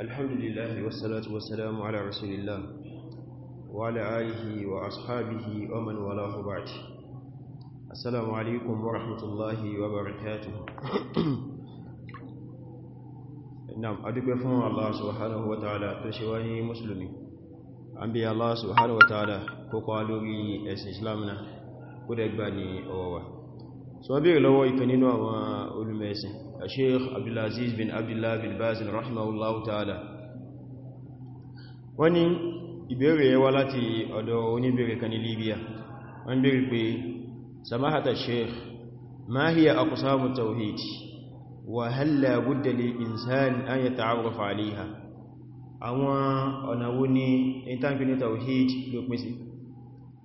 الحمد لله والصلاة والسلام على رسول الله وعلى آله وأصحابه ومن والاه بعد السلام عليكم ورحمة الله وبركاته نعم أدب فهم الله سبحانه وتعالى تشواني مسلمي أنبي الله سبحانه وتعالى كقالوا لي إسلامنا ودقباني أوه so wọ́n bèèrè lọ́wọ́ ìkan nínú àwọn olùmẹ̀ẹ̀sìn Sheikh Abdulaziz bin Abdullah bin Baz rahimahullahu ta'ala wọ́n ní ìbéèrè yẹ wá láti ọ̀dọ̀ oníbèèrè kan ní Libya wọ́n bèèrè pé samahata Sheikh ma hiya aqsamu tawhid wa hal la budda lil insan an yata'arraf 'alayha àwọn ọ̀nà wo ni ìtànkì ní tawhid ló pín sí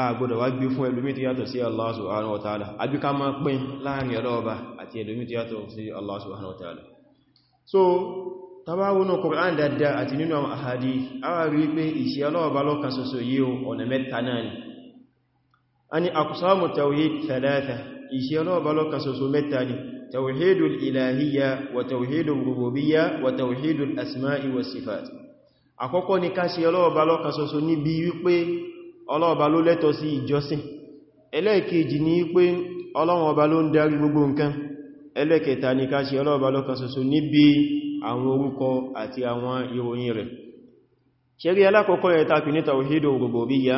àgbọ̀dọ̀ wá gbé fún ẹlòmí tí yàtọ̀ sí Allah subhanahu wa ta'ala àbí ká máa pín láàrin ọlọ́ọba àti ẹlòmí tí yàtọ̀ sí Allah subhanahu wa ta'ala so tabawonu Qur'an dada àti nínú àwọn ahadi awa rí pé iṣẹ́ ọlọ́ọba lọ́kan ṣoṣo yí o ọ̀nà mẹ́ta náà ni a ni aqsamu tawhid thalatha iṣẹ́ ọlọ́ọba lọ́kan ṣoṣo mẹ́ta ni tawhidul ilahiyya wa tawhidul rububiyya wa Ọlọ́run ọba ló lẹ́tọ̀ọ́ sí ìjọsìn ẹlẹ́ẹ̀kejì ni pé Ọlọ́run ọba ló ń darí gbogbo nǹkan ẹlẹ́ẹ̀kẹta ni ká ṣe Ọlọ́run ọba lọ́kan ṣoṣo níbi àwọn orúkọ àti àwọn ìròyìn rẹ̀ ṣẹ́rí alákọ̀ọ́kọ́ yẹ tàbí ní tàwíhídò rububiyya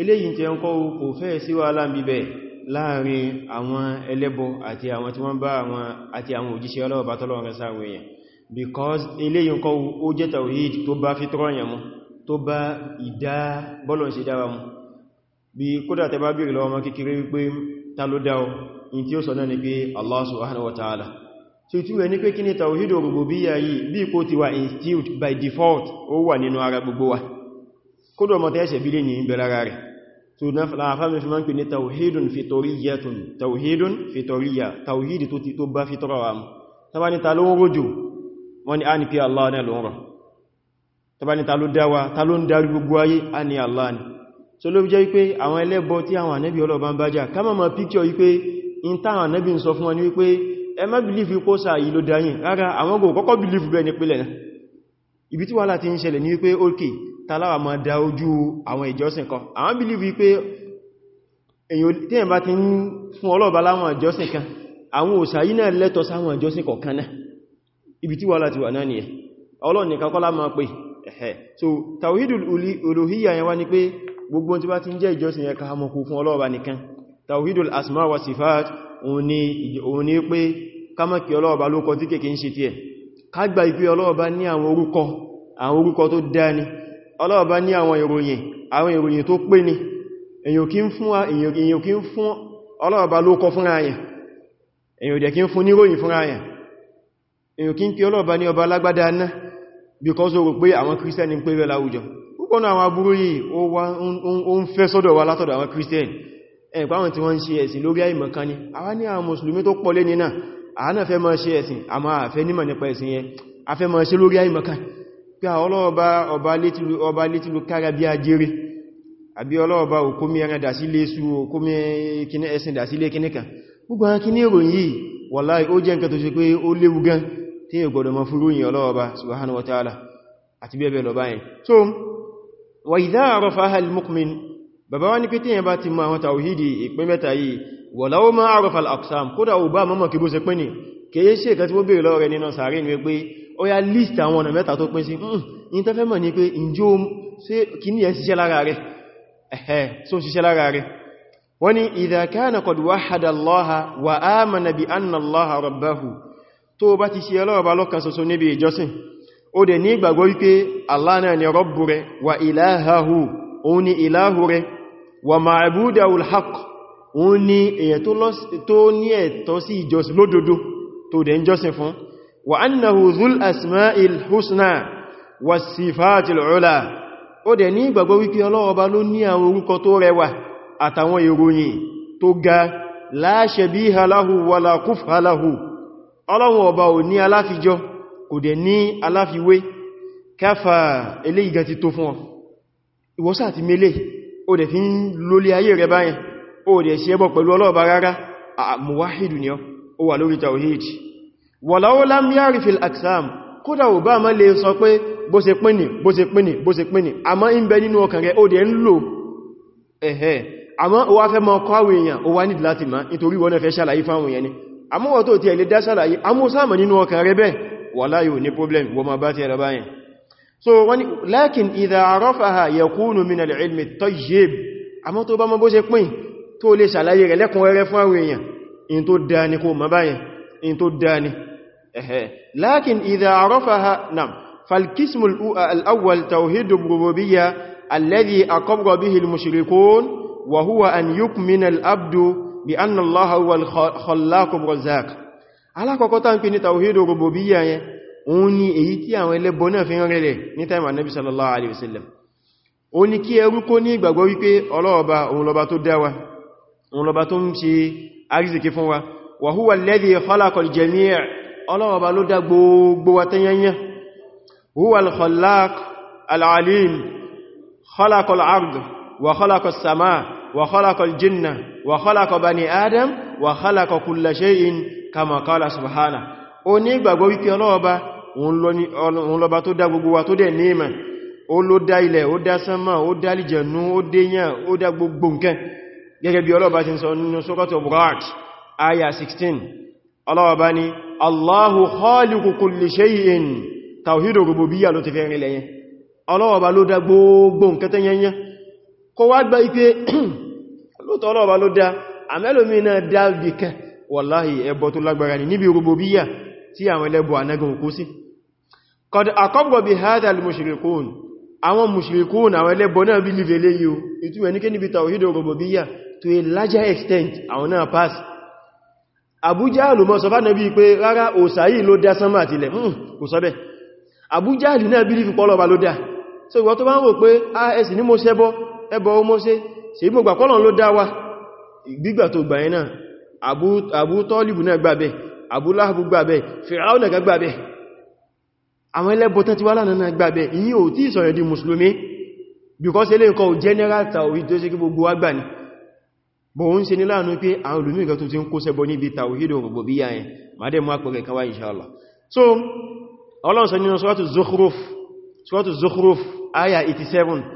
eléyìn tí ẹnkọ́ kò fẹ́ sí wà láàbíbẹ̀ láàrin because eléyìn kọ́ ó jẹ́ tàwíhíd tó bá fi tọ́rọ̀yàn mú tó bá ìdá bọ́lọ̀ ṣe dáwà mú bí kódà tẹ bá bèèrè lọ́wọ́ kékeré wípé ta ló dáwọ́ in tí ó sọ náà ni pé Allah subhanahu wa tí tí ní pé kí ni tawhid rububiyya yìí bí kó ti wà instilled by default ó wà nínú ara gbogbo wa kódà ọmọ tẹ́ẹ̀ṣẹ̀ bí lè ní ìbẹ̀lára rẹ̀ tó láàfáàmì fi máa ń pè ní tawhidun fitoriyyatun tawhidun fitoriyya tawhid tó ti tó bá fitọ́rọ̀ tàbá ní ta ló dáwà ta ló ń darí gbogbo ayé a ní Allah ni so ló jẹ́ wípé àwọn ẹlẹ́bọ tí àwọn ànábì ọlọ́bá ń bá jà ká mọ̀mọ̀ píkíọ̀ wípé in táwọn ànábì ń sọ fún wọn wípé ẹ má bìlífì pọ́ sáà yìí ló dáyìn rárá àwọn kò kọ́kọ́ bìlífì bẹ́ẹ̀ ní pílẹ̀ náà ibi tí wàhálà ti ń ṣẹlẹ̀ ní wípé ẹ̀ bá ti máa pè ẹ̀hẹ́ so tawhidul uluhiyya yẹn wá ní pé gbogbo tí bá ti ń jẹ́ ìjọsìn yẹn ká kú fún ọlọ́ọ̀bá nìkan tawhidul asma wa sifat òun ni pé ká má kí ọlọ́ọ̀bá lókọ tí kèkè ń ṣe tí ẹ̀ ká gbà ìpé ọlọ́ọ̀bá ní àwọn orúkọ àwọn orúkọ tó dáni ọlọ́ọ̀bá ní àwọn ìròyìn àwọn ìròyìn tó pé ni èyàn kí ń fún ọlọ́ọ̀bá lókọ fúnra níròyìn fúnra yẹn èyàn kí ń kí ọlọ́ọ̀bá ní ọba lágbádá náà because o rò pé àwọn christian ń pé rẹ̀ láwùjọ púpọ̀ náà àwọn o yìí ó ń wa látọ̀dọ̀ awon christian ẹ̀pá àwọn tí wọ́n ń ṣe ẹ̀sìn lórí ni awon ni awon mùsùlùmí to pọ̀ lé ní náà àwa náà fẹ́ máa ṣe ẹ̀sìn àmọ́ a fẹ́ nímọ̀ nipa esin yẹn a fẹ́ máa ṣe lórí àìmọ̀kan pé ọlọ́ọ̀bá ọba létílu kára bí ajere àbí ọlọ́ọ̀bá òkómi ẹran dà sílé su òkómi ẹ̀sìn dà sílé kíníkan gbogbo ka kíní ìròyìn yìí wàláì ó jẹ́ tí yíò gbọdọ̀ mọ́ fún ròyìn ọlọ́ọba subhanahu wa ta'ala àti bẹ́ẹ̀bẹ́ lọ báyìí so wa idha arafaha al-mu'min bàbá wá ní pé tíyàn bá ti mọ àwọn tàwíhìdì ìpín mẹ́ta yìí walau ma arafa al-aqsam kódà ò bá mọ́mọ̀ kí bó ṣe pín ní kèye ṣe ìkàtí ó bèèrè lọ́rẹ̀ nínú sàárè ní pé ó yá list àwọn ọ̀nà mẹ́ta hmm, wọ́n ni idha kana qad wa amana bi anna Allaha tó bá ti ṣe ọlọ́ọ̀bá lọ́kan ṣoṣo níbi ìjọsìn ó dẹ̀ ní ìgbàgbọ́ wípé Allah náà ni rọ́bù rẹ wa ìláhàhù òun ni ìláhù rẹ wa ma'budahul haqq òun ni èyẹ tó ní ẹ̀tọ́ sí ìjọsìn lódodo tó dẹ̀ ń jọsìn fún wa annahu zul asma'il husna wa sifatil ọlọ́run ọba ò ní aláfijọ́ kò dẹ̀ ní aláfiwé káfà eléyìí gan ti tó fún ọ ìwọ́sá àti mele o dẹ̀ fi ń lólé ayé rẹ báyẹn o dẹ̀ ṣe ẹbọ pẹ̀lú ọlọ́ọ̀bá rárá àmúwáhìdù ni ó tawhid walau lam yarifil aksam kódà ò bá má lè sọ pé bó ṣe pín ní bó ṣe pín ní bó ṣe pín ní àmọ́ ń bẹ nínú ọkàn rẹ ó dẹ̀ ń lò ẹ̀hẹ́ àmúwọ̀ tó tí ẹ̀lẹ́ dásàlàyé amúsàmà nínú ọkàn rẹ bẹ́ wà láyò ní problem wọ́n ma bá ti ele dasalaye amusama ninu okan re wa layo ni problem won ma ba ti ere bayii so wani lakin idha arafaha yakunu min mínà ilmi at-tayyib àmọ́ tó bá mọ bó ṣe pín tó lè ṣàlàyé rẹ̀ lẹ́kùn rẹ̀ fún bí anna Allah huwal khallaqur razzaq alákọ̀ọ́kọ́ tá ń pè ní tawhidu rububiyya yẹn òun ni èyí tí àwọn ẹlẹ́bọ náà fi ń rẹ̀lẹ̀ ní tàìmà nabi sallallahu alaihi wasallam ó ní kí ẹrú kó ní ìgbàgbọ́ wípé ọlọ́ọ̀ba òun lọba tó dá wa òun lọba tó ń ṣe arziki fún wa wa samaa وخلق الجن وخلق بني آدم وخلق كل شيء كما قال سبحانه ó ní ìgbàgbọ́ wípé ọlọ́ọba òun lọba tó dá gbogbo wa tó dẹ̀ níma ó ló dá ilẹ̀ ó dá sánmà ó dá lìjẹ̀nú ó déyàn ó dá gbogbo nǹkan gẹ́gẹ́ bí ọlọ́ọba ti sọ nínú sókọ́tọ̀ bukhari aya 16 ọlọ́ọba ni allahu khaliqu kulli shay'in tawhidu rububiyya ló ti fẹ́ rinlẹ̀ yẹn ọlọ́ọba ló dá gbogbo nǹkan tẹ́yẹnyẹn kó wá gbá ipé lóòtọ́ ọlọ́ọ̀bá ló dá àmẹ́lòmí náà wàláhì ẹbọ tó lágbára ní níbi rububiyya tí àwọn ẹlẹ́bọ anẹ́gùn kú sí qad aqarra bi hadha al àwọn mushrikun àwọn ẹlẹ́bọ náà bí live léyìí o ní kí níbi tawhid to a larger extent àwọn náà pass Abu Jahl mọ́ sọ fánàbí pé rárá òsàyí ló dá sánmà àtìlẹ̀ mú hmm, kò sọ bẹ́ Abu Jahl náà bí so ìwọ tó bá ń wò pé ah, ṣe gbogbo àkọ́lọ̀ ló dáwà gbígbà tó gbà iná Abu Tọ́lìbù náà gbàbẹ̀ Abu Láhàbù gbàbẹ̀ Fìráún náà gbàbẹ̀ àwọn ẹlẹ́bọ̀tán ti wá lánàá gbàbẹ̀ ìyí ò tí ìsọ̀rẹ̀ di mùsùlùmí because ilé nǹkan general tawhid tó ṣe kí gbogbo agbà ní bọ̀ ń ṣe ní láàánú pé àwọn olùmí ìgbà tó ti ń so ọlọ́run sọ nínú suratu Zukhruf suratu 87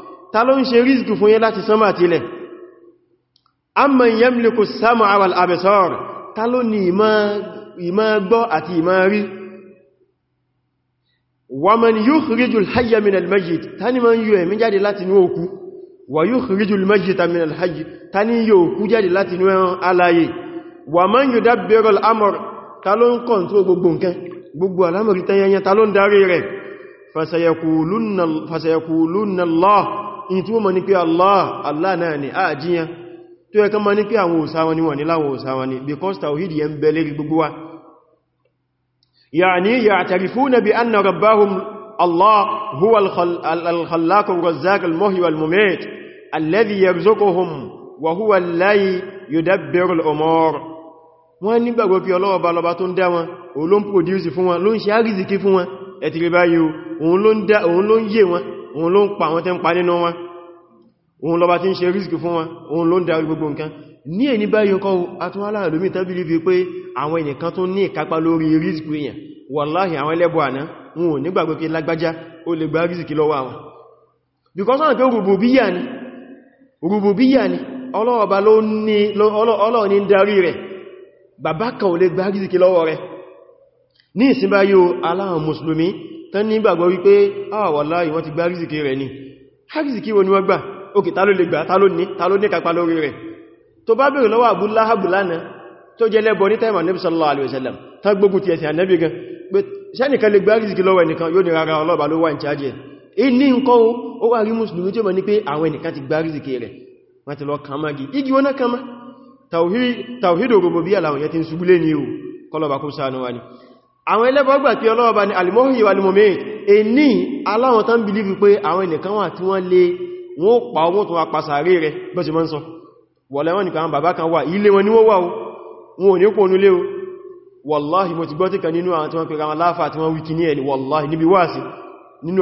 ta ló ń ṣe rízgì fún yín láti sánmà àti ilẹ̀ amma yamliku sam'a wal absar ta ló ní ìmọ̀ gbọ́ àti ìmọ̀ rí wa man yukhrijul hayya min al mayyit ta ni man yọ ẹ̀mí jáde láti inú òkú wa yukhrijul mayyita min al hayy ta ni yọ òkú jáde láti inú alààyè fasayakulunna Allah in tí wọ́n mọ̀ ní pé Allah Allah náà ni a jíyàn tó yẹ kan mọ̀ ní pé àwọn òsáwọn ni wọ́n ni láwọn òsáwọn ni because tawhid yẹn bẹ lérí gbogbo wa ya'ni ya'tarifuna bi anna rabbahum Allah huwa al-khallaq ar-razzaq al-muhyi wal-mumit alladhi yarzuquhum wa huwa alladhi yudabbiru al-umur wọ́n nígbàgbọ́ pé ọlọ́wọ́ bá lọba tó ń fún wọn ló ń ṣe ló ń yé wọn òun ló ń pa àwọn tẹ́ ń pa nínú wọn òun lọba tí ń ṣe rísìkì fún wọn òun ló ń darí gbogbo nǹkan ní èní báyìí kọ́ atún aláàlómí tábílì fi pé àwọn ènìyàn tó ní ìkápá lórí rísìkì èèyàn wàláhì àwọn ẹlẹ́bọ̀ àná wọn ò nígbàgbọ́ pé lágbájá ó lè gba rísìkì lọ́wọ́ àwọn because àwọn pé rùbùbíyà ni rùbùbíyà ni ọlọ́ọ̀bá ló ní ọlọ́ọ̀ ní darí rẹ̀ bàbá kan ò lè gba rísìkì lọ́wọ́ rẹ̀ ní ìsinbáyé aláhàn mùsùlùmí tán ní gbàgbọ́ wípé àwọ̀ ah, láì wọ́n ti gbá rízìkì rẹ̀ ni rízìkì wọn ni wọ́n gbà òkè ta ló lè gbà ta ló ní ta kapa lórí rẹ̀ tó bá bèèrè lọ́wọ́ Abu Lahab lánàá tó jẹ́ lẹ́bọ̀ ní tẹ́mà Nabi sallallahu alaihi wasallam tán gbógun ti ẹ̀sìn Ànábì gan pé sẹ́nìkan lè gbá rízìkì lọ́wọ́ ẹnìkan yóò ní rárá ọlọ́ọ̀bá ló wà ní chájì ẹ̀ iní nǹkan ó wà rí mùsùlùmí tí ó mọ̀ ní pé àwọn ẹnìkan ti gbá rízìkì àwọn ẹlẹ́bọ̀gbà tí Ọlọ́run bá ní alimohi wa limome e ní aláwọn tán bí lífi pé àwọn ẹnìkan wà tí wọ́n lè wọ́n pa owó tó wà pàṣàrí rẹ̀ bọ́ sí mọ́ ń sọ wọ̀lẹ́ wọn nìkan bàbá kan wà ilé wọn ni wọ́n wà wọn ò ní kò nílé o wallahi mo ti gbọ́ tí kan nínú àwọn tí wọ́n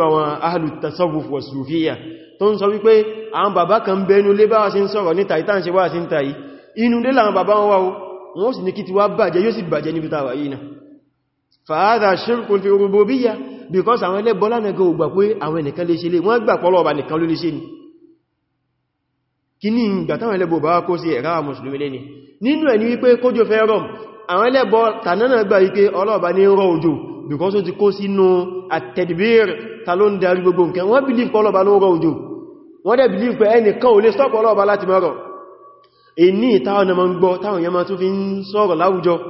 wa sufiya tó ń sọ wípé àwọn bàbá kan ń bẹnu lé báwa sí bàjẹ́ yóò sì bàjẹ́ níbi tàwà yìí náà fàádà ṣírkùn fi rububiyya because àwọn ilẹ̀ bọ́lá nẹ́gẹ́ ògbà pé àwọn ẹnìkan lè ṣe lè wọ́n gbà pọ́lọ̀ ọba nìkan ló lè ṣe ni kí ní ìgbà táwọn ilẹ̀ bọ̀bá kó sí ẹ̀rá mùsùlùmí lé ní nínú ẹni wípé kójò fẹ́ rọm àwọn ilẹ̀ bọ́ tànánà gbà wípé ọlọ́ọ̀bá ní rọ òjò because ó ti kó sínú at-tadbir ta ló ń darí gbogbo nǹkan wọ́n believe pọ́lọ́ọ̀bá ló rọ òjò wọ́n dẹ̀ believe pé ẹnìkan ò lè stop ọlọ́ọ̀bá láti mọ́rọ̀ èní ìtawọn ọmọ ń gbọ́ táwọn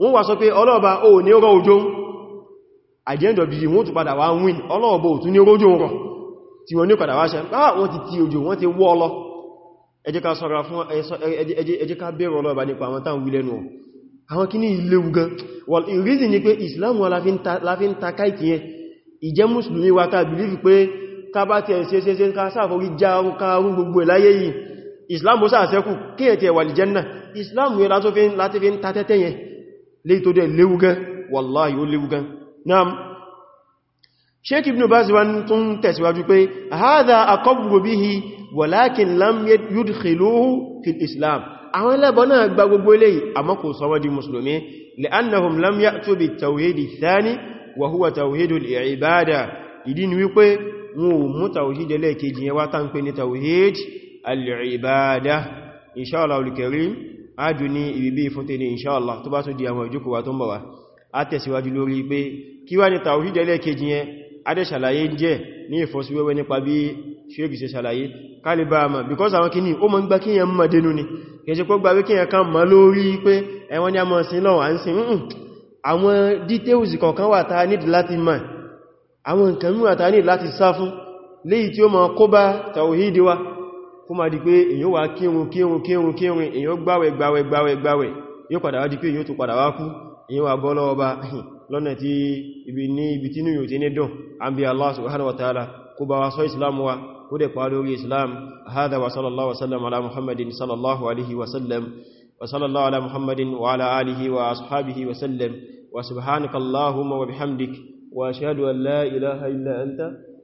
wọ́n wá sọ pé ọlọ́ọ̀bá ò ní rọ òjò at the end of the day wọ́n tún padà wá win ọlọ́ọ̀bá ò tún ní rójò rọ tí wọ́n ní padà wá ṣe ah wọ́n ti ti òjò wọ́n ti wọ́ lọ ẹ sọ́ra fún ẹ jẹ́ ọlọ́ọ̀bá nípa àwọn táwọn ni pé Islam wọn láfin ta káìkì yẹn ìjẹ́ mùsùlùmí wa ká believe pé ká bá ti ẹ̀ṣẹ́ ṣe ṣe ká lè tó dẹ̀ léwúgán wallahi ó léwúgán naam sheik ibn baz wa tún tẹ̀síwájú pé hadha aqabbu bihi walakin lam yudkhiluhu fil islam àwọn ẹlẹ́bọ̀ náà gba gbogbo eléyìí àmọ́ kò sọ wọ́n di mùsùlùmí li'annahum lam ya'tu bit tawhid ath-thani wa huwa tawhidul ibada ìdí ájò ní ìbìbí fóté ní inṣáàlá tó bá tó di àwọn ìjókòó wa tó ń bọ̀ wá a tẹ̀síwájú lórí pé kí wá ní tàwíjì ẹlẹ́kejì yẹn adẹ́ṣàlàyé ń jẹ́ ní ìfọ́síwẹ́wẹ́ nípa bí ṣéèkì because àwọn kìíní ó mọ́ ń gbá kíyàn mọ̀ dénú ni kẹsẹ̀ pọ́ gbá kíyàn kan mọ́ lórí pé ẹwọ́n ni a mọ̀ sí lọ́wọ́ à ń sin mún àwọn kó máa di pé èyàn wà kírun kírun kírun kírun èyàn gbáwẹ̀ gbáwẹ̀ gbáwẹ̀ gbáwẹ̀ yóò padà wá di pé èyàn tó padà wá kú èyàn wà bọ́ lọ́wọ́ bá lọ́nà tí ibi ní ibi tí níyàn tí ní dùn an bí Allah subhanahu wa ta'ala kó bá wa sọ islam wa kó dẹ̀ pa lórí islam hada wa bihamdik wa ashhadu an la ilaha illa anta